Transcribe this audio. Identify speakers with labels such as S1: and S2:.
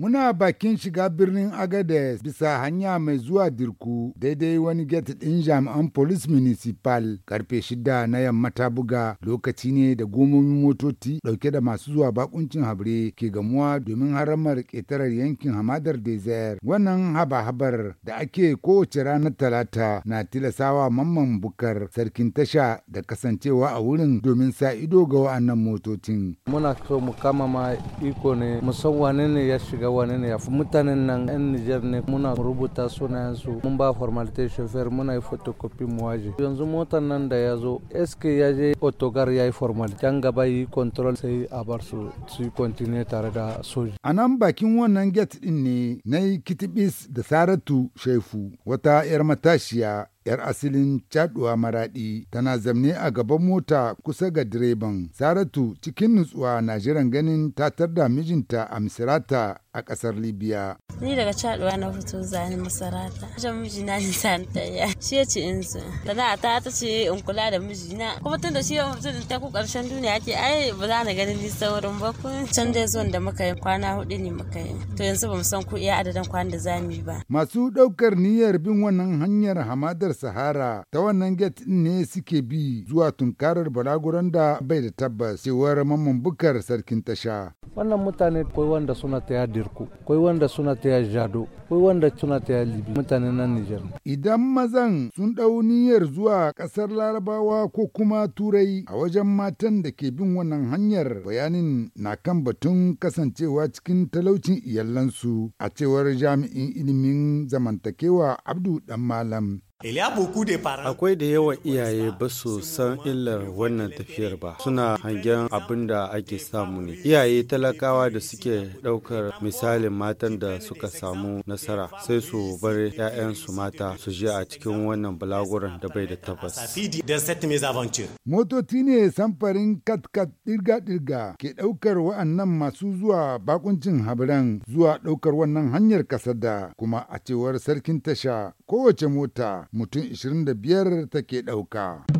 S1: Muna bakin shiga birnin agadez bisa hanya mai zuwa Dirku daidai wani get ɗin jami'an Police Municipal karfe shida na yamma ta buga lokaci ne da gomomin motoci ɗauke da masu zuwa bakuncin habre ke gamuwa domin haramar ƙetarar yankin hamadar Desert. Wannan haba-habar da ake kowace ranar Talata na tilasawa mamman bukar sarkin tasha da kasancewa a wurin domin sa ido ga wa'annan motocin.
S2: Muna so mu kama ma iko ne musamman ne ya shiga wani ne yafi mutanen nan yan Nijar ne muna rubuta sunayen su mun ba formalite chauffeur muna yi photocopy mu waje yanzu motar nan da ya zo eske ya je otogar ya yi formalite can gaba yi control sai a bar su su continue tare da soji
S1: a nan bakin wannan gate din ne na yi kitibis da saratu shaifu wata yar matashiya 'yar asilin caduwa maradi tana zamne a gaban mota kusa ga direban saratu cikin nutsuwa na jiran ganin tatar da mijinta a misirata a kasar libya
S3: ni daga caduwa na fito zani masarata wajen mijina ni sani shi ya ci in Da na ta ta ce in kula da mijina kuma tun da shi ya mutu ta ku karshen duniya ake, ai ba za na ganin ni saurin ba kun can dai zuwan da muka yi kwana hudu ne muka yi to yanzu ba mu san ku iya adadin kwana da zamu yi ba
S1: masu daukar niyyar bin wannan hanyar hamadar sahara ta wannan gate ne suke bi zuwa tunkarar balaguran da bai da tabbas cewar mamman bukar sarkin tasha
S2: wannan mutane koi wanda suna ta ya dirku koi wanda suna ta ya jado koi wanda suna ta ya libi mutane na nijar
S1: idan mazan sun ɗau niyyar zuwa ƙasar larabawa ko kuma turai a wajen matan da ke bin wannan hanyar bayanin na kan batun kasancewa cikin talaucin iyalansu a cewar jami'in ilimin zamantakewa abdu dan malam
S4: Akwai da yawan iyaye ba su san illar wannan tafiyar ba, suna hangen abin da ake samu ne. Iyaye talakawa da suke ɗaukar misalin matan da suka samu nasara sai su bar 'ya'yansu mata su je a cikin wannan balaguran da bai da tabbas.
S1: Motoci ne samfarin katkat ɗirga-ɗirga ke ɗaukar wa'annan masu zuwa bakuncin habiran zuwa ɗaukar wannan hanyar kasada kuma a cewar sarkin tasha kowace mota mutum 25 take ɗauka.